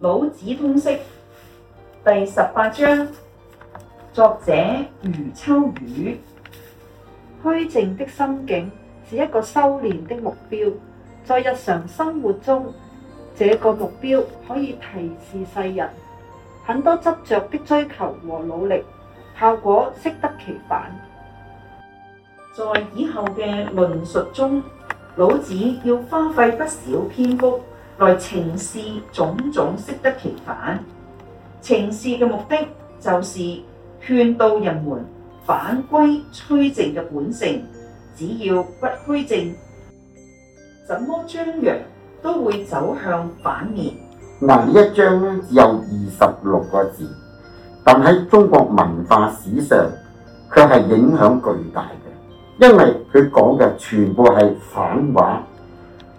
老子通釋第十八章，作者余秋雨。虛靜的心境是一個修煉的目標，在日常生活中，這個目標可以提示世人很多執着的追求和努力，效果適得其反。在以後嘅論述中，老子要花費不少篇幅。來情事種種，適得其反。情事嘅目的，就是勸導人們返歸虛靜嘅本性。只要不虛靜，怎麼張揚都會走向反面。嗱，呢一章只有二十六個字，但喺中國文化史上卻係影響巨大嘅，因為佢講嘅全部係反話。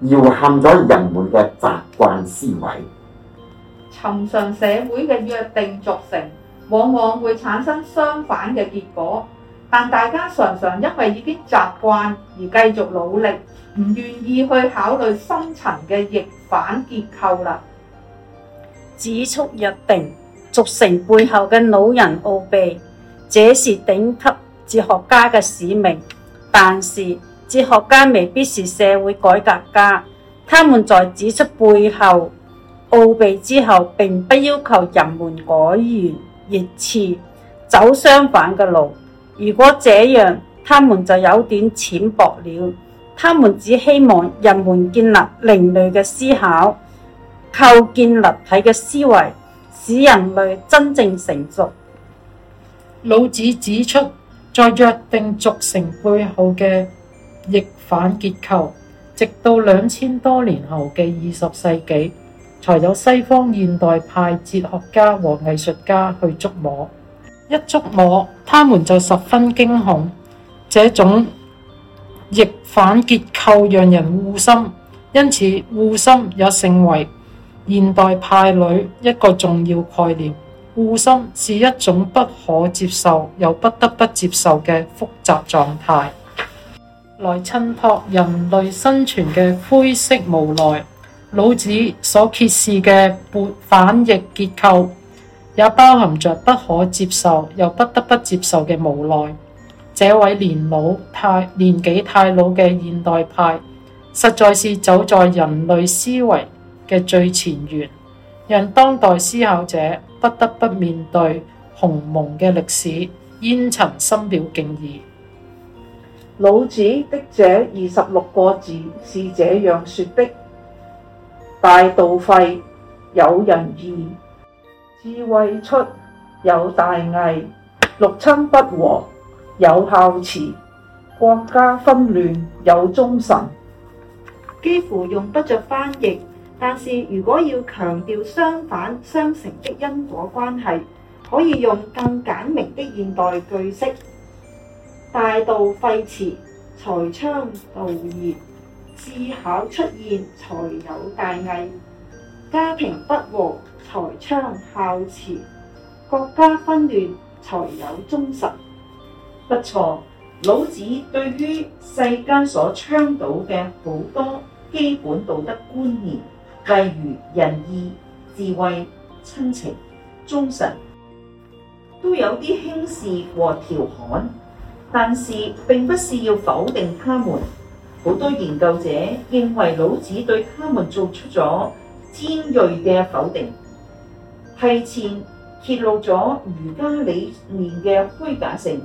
搖撼咗人們嘅習慣思維，尋常社會嘅約定俗成，往往會產生相反嘅結果。但大家常常因為已經習慣而繼續努力，唔願意去考慮深層嘅逆反結構啦。指出約定俗成背後嘅腦人奧秘，這是頂級哲學家嘅使命。但是。哲學家未必是社會改革家，他們在指出背後奧秘之後，並不要求人們改弦易轍走相反嘅路。如果這樣，他們就有點淺薄了。他們只希望人們建立另類嘅思考，構建立體嘅思維，使人類真正成熟。老子指出，在約定俗成背後嘅逆反結構，直到兩千多年後嘅二十世紀，才有西方現代派哲學家和藝術家去觸摸。一觸摸，他們就十分驚恐。這種逆反結構讓人惡心，因此惡心也成為現代派裡一個重要概念。惡心是一種不可接受又不得不接受嘅複雜狀態。來襯托人類生存嘅灰色無奈，老子所揭示嘅撥反逆結構，也包含着不可接受又不得不接受嘅無奈。這位年老太年紀太老嘅現代派，實在是走在人類思維嘅最前沿，讓當代思考者不得不面對鴻蒙嘅歷史煙塵，深表敬意。老子的這二十六個字是這樣說的：大道廢，有仁義；智慧出，有大偽；六親不和，有孝慈；國家紛亂，有忠臣。幾乎用不着翻譯，但是如果要強調相反相成的因果關係，可以用更簡明的現代句式。大道廢弛，才倡道義；智巧出現，才有大偽。家庭不和，才倡孝慈；國家紛亂，才有忠實。不錯，老子對於世間所倡導嘅好多基本道德觀念，例如仁義、智慧、親情、忠誠，都有啲輕視和調侃。但是並不是要否定他們，好多研究者認為老子對他們做出咗尖銳嘅否定，提前揭露咗儒家理念嘅虛假性。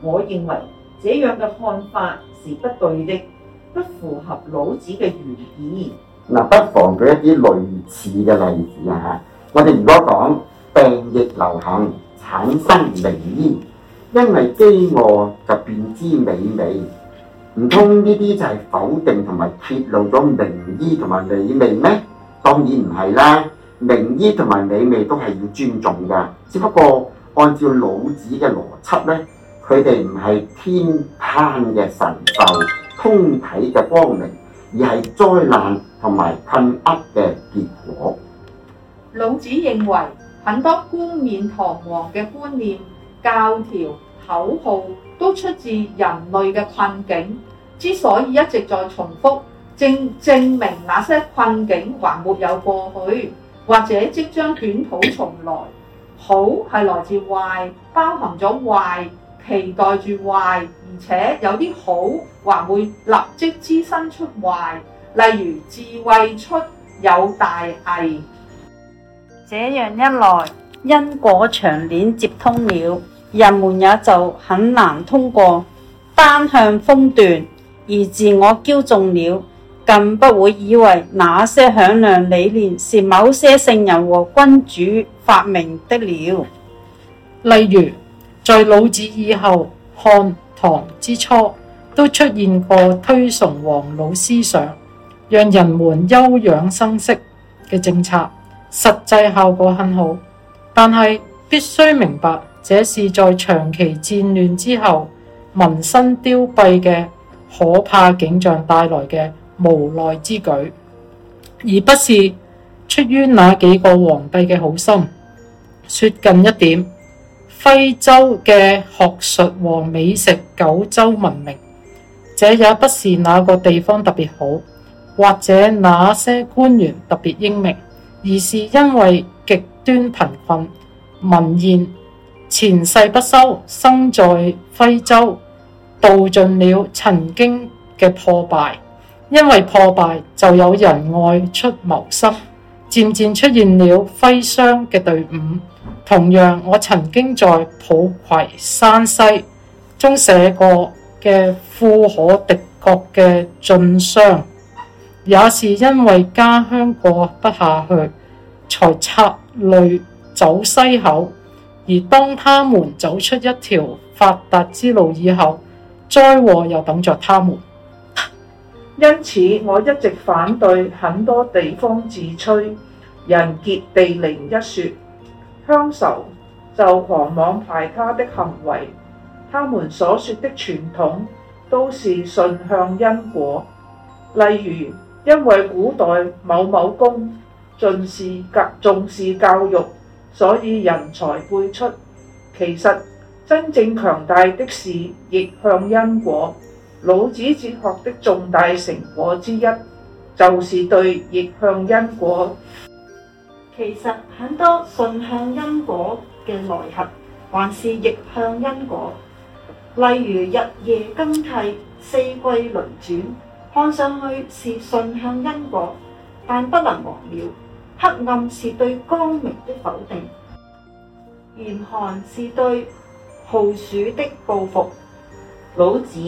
我認為這樣嘅看法是不對的，不符合老子嘅原意。嗱，不妨舉一啲類似嘅例子啊！我哋如果講病疫流行，產生名醫。因為饑餓就辨知美味，唔通呢啲就係否定同埋揭露咗名醫同埋美味咩？當然唔係啦，名醫同埋美味都係要尊重噶。只不過按照老子嘅邏輯咧，佢哋唔係天慳嘅神獸，通體嘅光明，而係災難同埋困厄嘅結果。老子認為很多冠冕堂皇嘅觀念、教條，口號都出自人類嘅困境，之所以一直在重複，正證明那些困境還沒有過去，或者即將捲土重來。好係來自壞，包含咗壞，期待住壞，而且有啲好還會立即滋生出壞。例如智慧出有大偽，這樣一來因果長鏈接通了。人們也就很難通過單向封斷而自我驕縱了，更不會以為那些響亮理念是某些聖人和君主發明的了。例如，在老子以後，漢唐之初都出現過推崇黃老思想，讓人們休養生息嘅政策，實際效果很好。但係必須明白。這是在長期戰亂之後，民生凋敝嘅可怕景象帶來嘅無奈之舉，而不是出於那幾個皇帝嘅好心。説近一點，非洲嘅學術和美食九州聞名，這也不是那個地方特別好，或者那些官員特別英明，而是因為極端貧困、民怨。前世不修，生在徽州，道盡了曾經嘅破敗，因為破敗就有人外出謀生，漸漸出現了徽商嘅隊伍。同樣我曾經在《抱愧山西》中寫過嘅富可敵國嘅晉商，也是因為家鄉過不下去，才插淚走西口。而當他們走出一條發達之路以後，災禍又等着他們。因此我一直反對很多地方自吹人傑地靈一説，鄉愁就狂妄排他的行為。他們所說的傳統都是順向因果，例如因為古代某某公重視重視教育。所以人才輩出，其實真正強大的是逆向因果。老子哲學的重大成果之一，就是對逆向因果。其實很多順向因果嘅內核，還是逆向因果。例如日夜更替、四季輪轉，看上去是順向因果，但不能忘了。黑暗是對光明的否定，嚴寒是對酷暑的報復。老子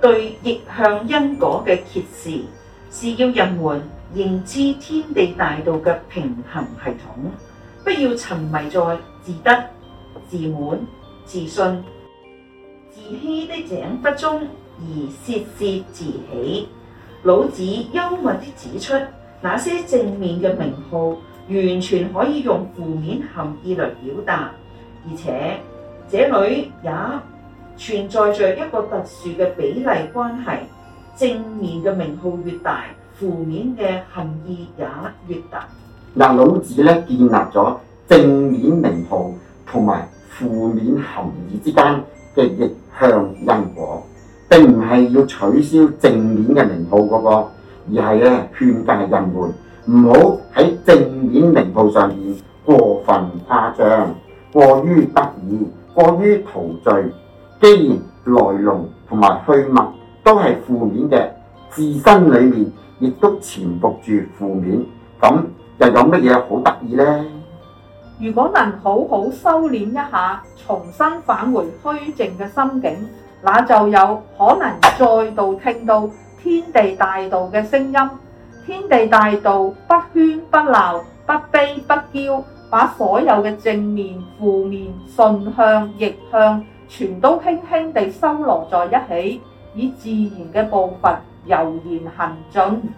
對逆向因果嘅揭示，是要人們認知天地大道嘅平衡系統，不要沉迷在自得、自滿、自信、自欺的井壁中而竊竊自喜。老子幽默地指出。那些正面嘅名號，完全可以用負面含義嚟表達，而且這裏也存在着一個特殊嘅比例關係：正面嘅名號越大，負面嘅含義也越大。嗱，老子咧建立咗正面名號同埋負面含義之間嘅逆向因果，並唔係要取消正面嘅名號嗰個。而係咧，勸誡人們唔好喺正面名鋪上面過分誇張、過於得意、過於陶醉。既然來龍同埋去脈都係負面嘅，自身裏面亦都潛伏住負面，咁又有乜嘢好得意呢？如果能好好修煉一下，重新返回虛靜嘅心境，那就有可能再度聽到天地大道嘅聲音，天地大道不喧不鬧，不悲不驕，把所有嘅正面、負面、順向、逆向，全都輕輕地收羅在一起，以自然嘅步伐悠然行進。